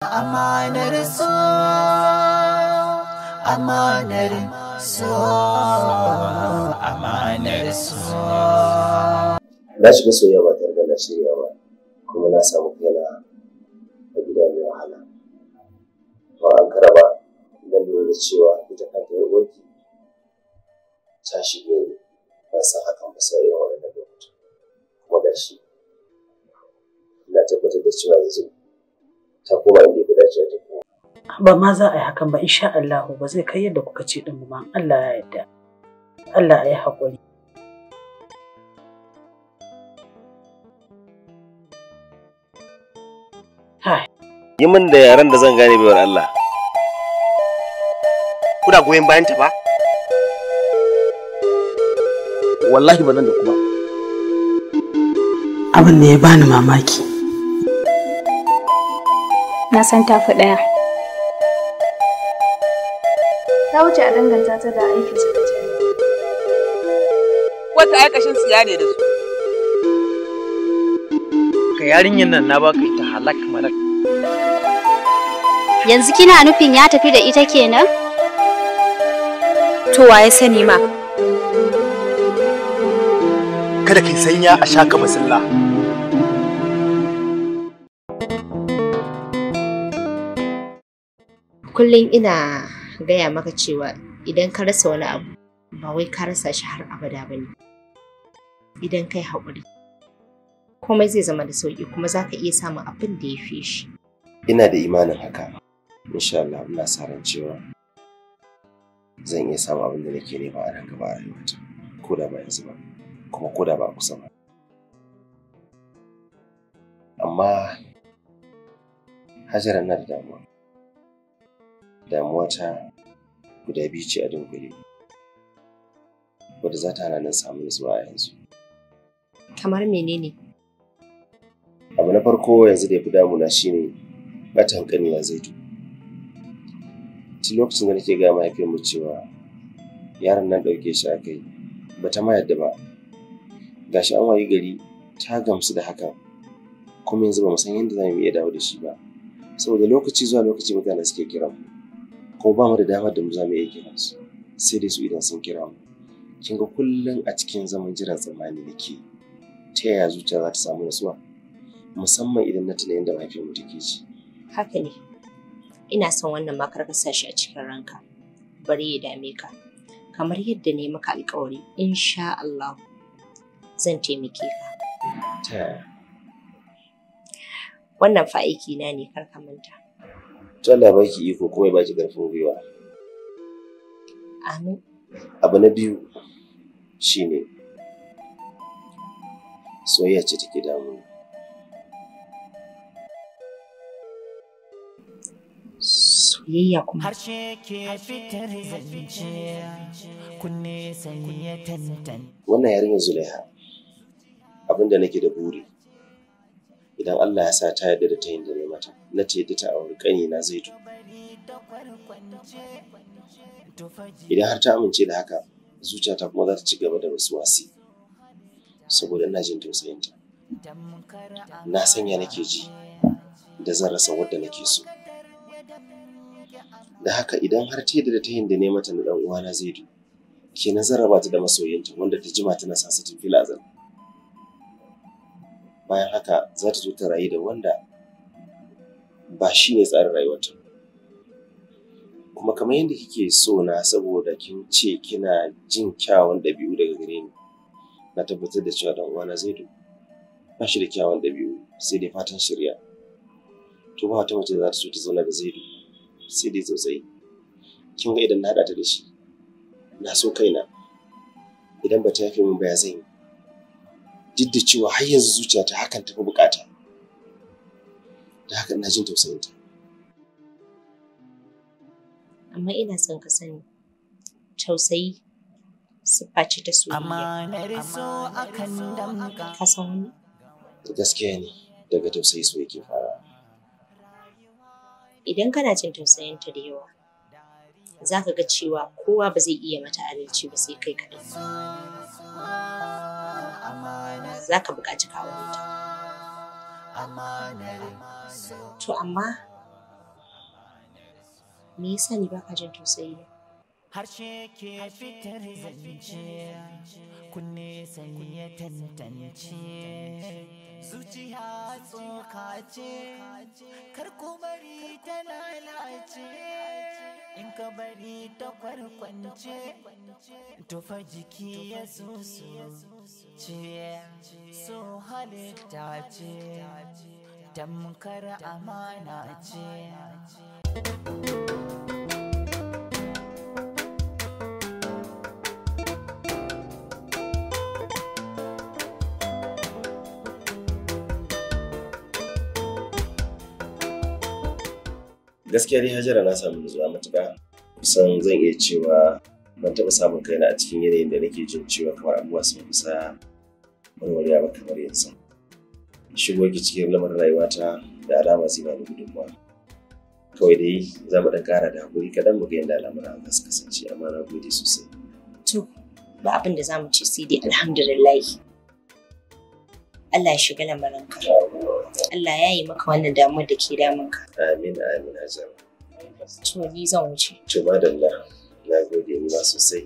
Amanar so, amanar so, amanar so. Na shiga soyayya ba tare da na shirya ba, kuma na samu kaina a gida mai wahala. Ba an kara ba, na lura da cewa ita kanta ya uwarki ta shige ni, ba san hakan ba sai yawan wannan lokacin. Kuma gashi, ina tabbatar da cewa yanzu ta koma inda ya dace ta koma. Ba ma za a yi hakan ba insha Allah ba zai kai yadda kuka ce ɗin ba Allah ya yarda. Allah ya yi haƙuri. Yi min da yaren da zan gane baiwar Allah. Kuna goyon bayan ta ba? Wallahi ba nan da kuma. Abin da ya bani mamaki. na san tafi ɗaya. Ta wuce a danganta ta da aiki su da Wata aikashin siya ne da su. Ka yarinyar nan na baka ita halak malak. Yanzu kina nufin ya tafi da ita kenan? To waye sani ma. Kada ki sanya a shaka masalla. kullum ina gaya maka cewa idan ka rasa wani abu ba wai ka rasa shi har abada ba ne idan kai haƙuri komai zai zama da sauƙi kuma za ka iya samun abin da ya fi shi ina da imanin haka insha Allah ina sa ran cewa zan iya samun abin da nake nema a nan gaba a rayuwata ko da ba yanzu ba kuma ko da ba kusa ba amma hajara na da damuwa damuwata guda biyu ce a dunkule wadda za ta hana nan samun nutsuwa a yanzu kamar menene abu na farko yanzu da ya fi damuna shine hankali na zaitu tun lokacin da nake gaya mu cewa yaron nan ɗauke shi aka yi ba ta mayar da ba gashi an wayi gari ta gamsu da hakan kuma yanzu ba mu san yadda za mu iya dawo da shi ba saboda lokaci zuwa lokaci mutane suke kiran mu kuma ba mu da damar da mu za mu iya kira su sai dai su idan sun kira mu kin ga kullum a cikin zaman jiran tsammani nake ta yaya zuciya za ta samu nasuwa musamman idan na tuna da mahaifiyar mu take ji haka ne ina son wannan makar ka sa shi a cikin ranka bari ya dame ka kamar yadda ne maka alkawari insha Allah zan taimake ka ta wannan fa aiki na ne kar ka manta to Allah baki iko kuma ya baki karfin gwiwa amin abu na biyu shi ne, soyayya ce take damu soyayya kuma harshe ke fitar zance kunne sai ya tantan wannan yarinyar Zulaiha abinda nake da buri idan Allah ya sa ta yarda da ta yin da mata na ce ta auri kani na to idan har ta amince da haka zuciyata kuma za ta ci gaba da wasi, saboda ina jin tausayinta na sanya nake ji da zan rasa wadda nake so da haka idan har ta yadda da ta yin da mata na dan uwana zaidu kenan zan ta da masoyinta wanda ta jima tana sa su tun fil bayan haka za ta zo ta rayu da wanda ba shi ne tsarin rayuwarta kuma kamar yadda kike so na saboda kin ce kina jin kyawun ɗabi'u daga gare ni na tabbatar da cewa dan uwana zai ba shi da kyawun ɗabi'u sai dai fatan shirya to ba wata mace za ta so ta zauna da zaidu sai dai tsautsayi kin ga idan na haɗa ta da shi na so kaina idan ba ta yafe min ba ya zan yi duk da cewa har yanzu zuciya ta hakan tafi bukata da haka ina jin tausayinta amma ina son ka sani tausayi su face ta soyayya ka san wani gaskiya ne daga tausayi so yake fara idan kana jin tausayin ta da yawa za ka ga cewa kowa ba zai iya mata adalci ba sai kai kaɗai za ka buƙaci kawo ta. To amma me yasa ni ka jin tausayi ne? Harshe ke fitar zance, kunne sai ya tantance, zuciya tsoka ce, bari ta lalace. in ka bari ta kwarkwance tufa jiki ya susu ce su halitta ce tamkar amana ce gaskiya dai hajara na samu nutsuwa matuƙa kusan zan iya cewa ban taɓa samun kaina a cikin yanayin da nake jin cewa kamar abubuwa sun kusa warwarewa ba kamar yanzu shigo ki cikin lamarin rayuwata da alama sai ba ni gudunmawa kawai dai za mu ɗan ƙara da haƙuri kaɗan mu ga yanda al'amura za su kasance amma na gode sosai. To ba abin da za mu ce sai dai alhamdulillah. Allah ya shiga lamarinka. Allah ya yi maka wannan damuwar da ke damunka. Amin amin azam. To ni zan wuce. To madalla na gode ni ma sosai.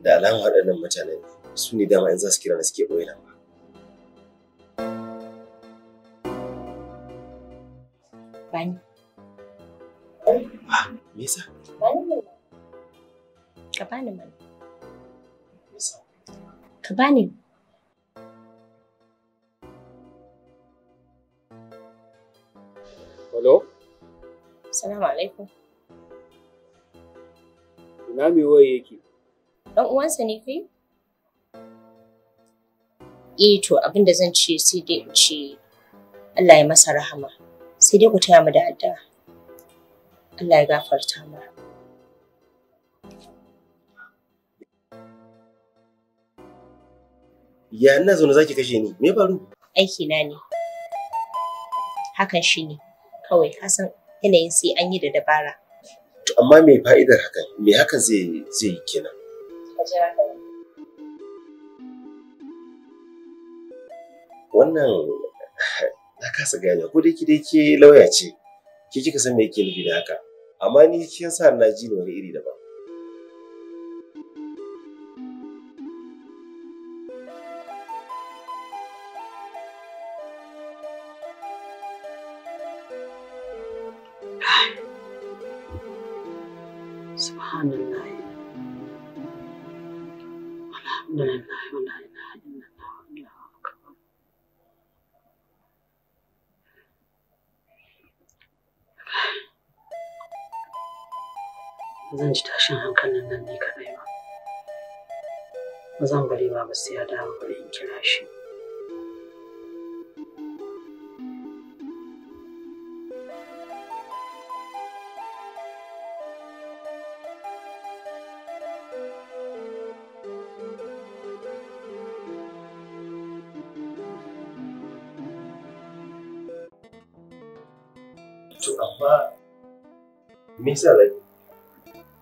Da alama waɗannan mutanen su ne dama in za su kira na suke ɓoye na. Bani. Ah, me yasa? Bani ne. Ka bani mana. Ka bani. Hello? Salamu alaikum. Ina me waye yake? Ɗan uwansa ne kai? Eh to abinda zan ce sai dai in ce Allah ya masa rahama. sai dai ku taya mu da addu'a Allah ya gafarta mu ya ina zaune zaki kashe ni me faru aiki na ne hakan shi ne kawai kasan yanayin sai an yi da dabara to amma me fa'idar hakan me hakan zai zai yi kenan wannan na kasa gane ko dai dai ke lauya ce ke kika san me yake nufi da haka amma ni kin sa na ji wani iri daban zan ji tashin hankalin nan ni kadai ba. Ba zan bari ba sai ya dawo bari in kira shi. me yasa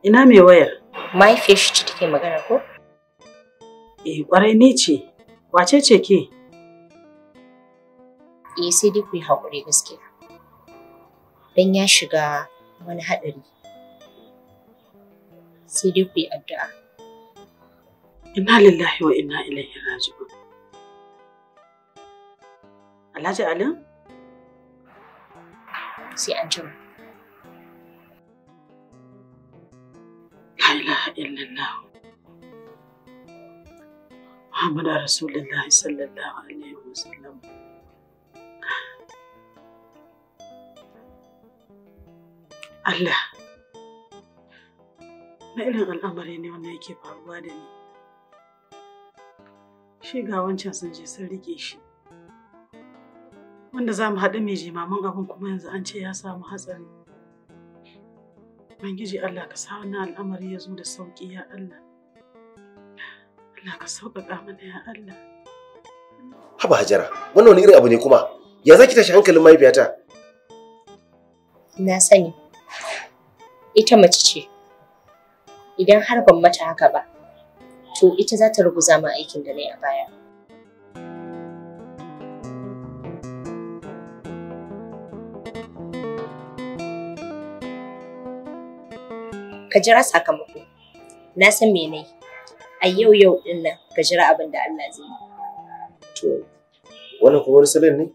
Ina mai wayar? Mahaifiyar shi ce take magana ko? Eh, kwarai ni ce. Wace ce ke? Eh, sai dai ku yi haƙuri gaskiya. Dan ya shiga wani haɗari. Sai dai ku yi addu'a. Inna lillahi wa inna ilaihi raji'un. Alhaji Ali? Sai an jima. illallah Muhammadu Rasulullah sallallahu alaihi wasallam Allah na irin al'amari ne wanda yake faruwa da ni shi ga wancan sun je sun rike shi wanda za mu haɗu mai jimamin abin kuma yanzu an ce ya samu hatsari Ubangiji Allah ka sa wannan al'amari ya zo da sauƙi ya Allah. Allah ka sauƙaƙa mana ya Allah. Haba Hajara, wannan wani irin abu ne kuma? Ya za ki tashi hankalin mahaifiyata? Na sani. Ita mace ce. Idan har ban mata haka ba, to ita za ta ruguza ma aikin da na yi a baya. ka jira sakamako na san me nayi a yau yau din nan ka jira abin da Allah zai yi to wannan kuma risalin ne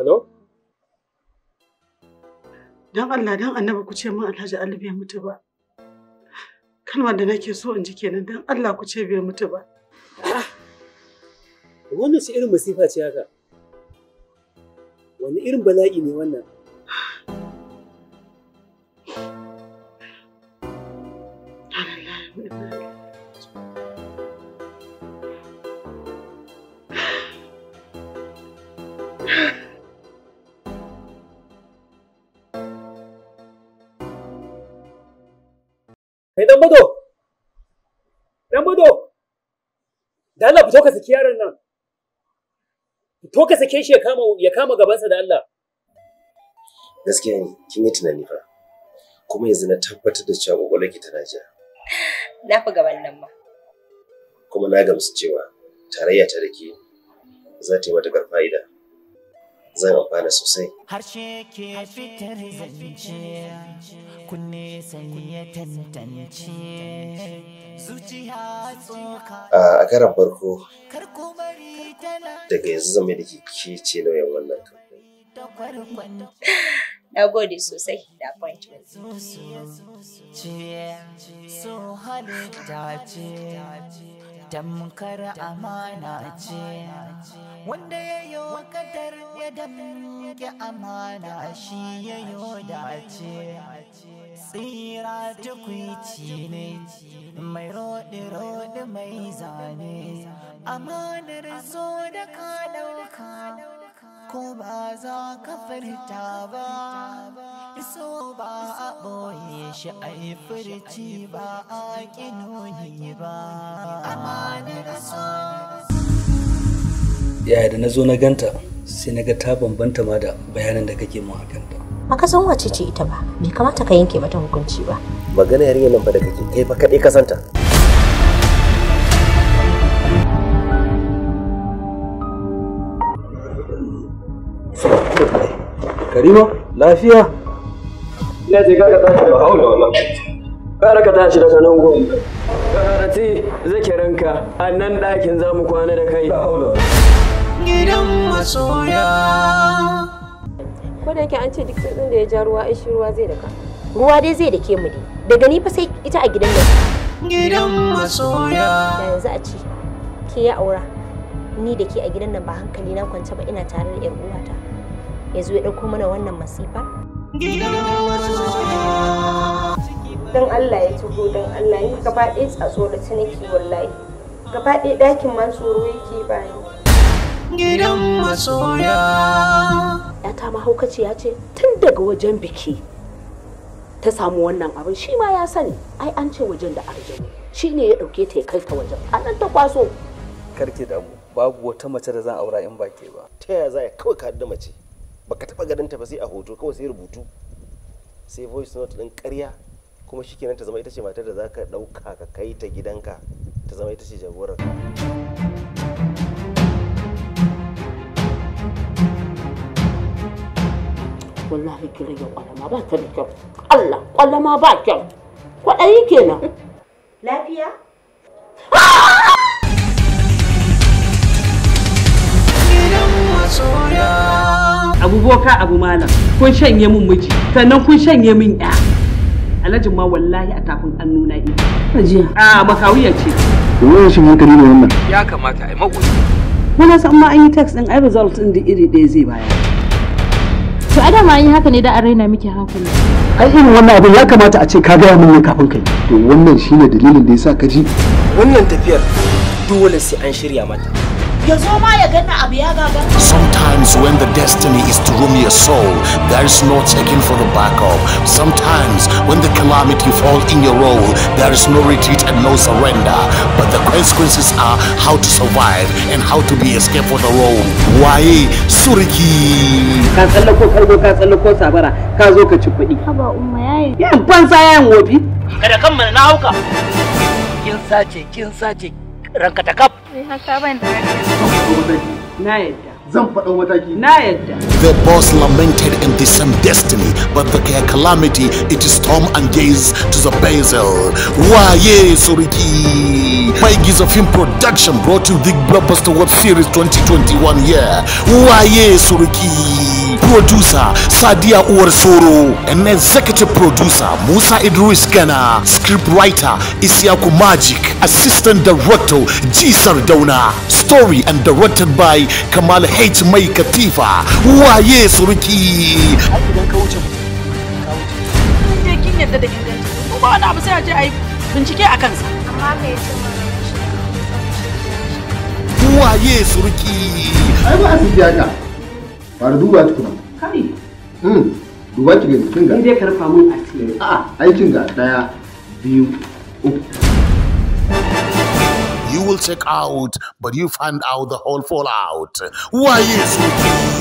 Hello? dan Allah, dan annabi ku ce mun Alhaji Alibi ya mutu ba. kalmar da nake so in ji kenan don Allah ku ce bai mutu ba. Wannan shi irin masifa ce haka. Wani irin bala'i ne wannan? kai dan bado dan bado da Allah fito ka saki yaron nan fito ka sake shi ya kama ya kama gabansa da Allah gaskiya ne kin yi tunani fa kuma yanzu na tabbatar da cewa kwakwalwarki tana ja na fi gaban nan ma kuma na gamsu cewa tarayya ta da ke za ta yi matuƙar garfa'ida zan amfana sosai. Harshe ke fitar zance, kunne sai ya tantance, zuciya tsoka. A karan farko, daga yanzu zama da ke ce nauyin wannan kamfani. Na gode sosai da appointment. tamkar amana ce wanda ya yi wa kadar ya damke amana shi ya yi dace tsira tukwici ne mai rodi rodi mai zane amanar zo da ka ɗauka ko ba za ka furta ba ba a shi ba yaya da na zo na ganta sai na ga ta bambanta ma da bayanan da kake mu a kanta baka san wace ce ita ba bai kamata ka yanke mata hukunci ba magana yarinya nan ba da kake kai fa kadai ka santa Karima, lafiya? ina ce ta tashi ba haula wannan kara ka tashi daga nan gobe? gon karati zikirinka a nan ɗakin za mu kwana da kai gidan masoya ko da yake an ce duk tsirrin da ya ja ruwa ishi ruwa zai daka ruwa dai zai ke mu dai daga ni fa sai ita a gidan nan gidan masoya Da yanzu a ce ke ya aura ni da ke a gidan nan ba hankali na kwance ba ina tare da yar uwata yazo ya ɗauko mana wannan masifar don Allah ya tugo don Allah ni gaba ɗaya tsatso da nake wallahi gaba ɗaya ɗakin man tsoro yake bani gidan masoya yata mahaukaci ya ce tun daga wajen biki ta samu wannan abin shi ma ya sani ai an ce wajen da arjini shi ne ya ɗauke ta ya kai ta wajen a nan ta kwaso karki damu babu wata mace da zan aura in ba ke ba ta yaya za ya kawai ka da mace baka taba ganin ta ba sai a hoto kawai sai rubutu sai voice note din ƙarya kuma shikenan ta zama ita ce matar da zaka dauka ka kai ta gidanka ta zama ita ce jagorar ka wallahi ki rage kwalama ba ta da kyau Allah kwalama ba kyau kwaɗayi kenan lafiya abu boka abu malam kun shanye min miji sannan kun shanye min ya Alhaji ma wallahi a tafin an nuna ita ajiya a makawiyar ce wani shi hankali ne wannan ya kamata a yi magoyi muna san ma an yi tax din ai result din da iri ɗaya zai bayar to adam an yi haka ne da an raina miki hankali ai irin wannan abin ya kamata a ce ka gaya min ne kafin kai to wannan shine dalilin da yasa ka ji wannan tafiyar dole sai an shirya mata Sometimes when the destiny is to ruin your soul, there is no taking for the back of. Sometimes when the calamity falls in your role, there is no retreat and no surrender. But the consequences are how to survive and how to be escape for the role. Waye suriki. Ka tsallako kargo ka tsallako sabara ka zo ka ci kuɗi. Haba umma kan mana na hauka. Kin sace kin sace ranka ta kaf. Ni haka ban Na yadda. the boss lamented in the same destiny but the calamity it is storm and gaze to the basil yes, oriki. my gizo film production brought you the blockbuster world series 2021 year Why, yes, oriki. producer sadia uwar and executive producer musa idris gana script writer isiaku magic assistant director g Dona. story and directed by Kamal H. Mai Katifa. Waye suruki? Ai idan ka wuce ka Je da inganci. abu sai a a yi bincike a kansa. me Waye suruki? Ai ba su Fara duba hmm, Duba ki ga kin ga. Ni dai karfa mun a ce. A'a, ai ga daya biyu uku. check out, but you find out the whole fallout. Why is it?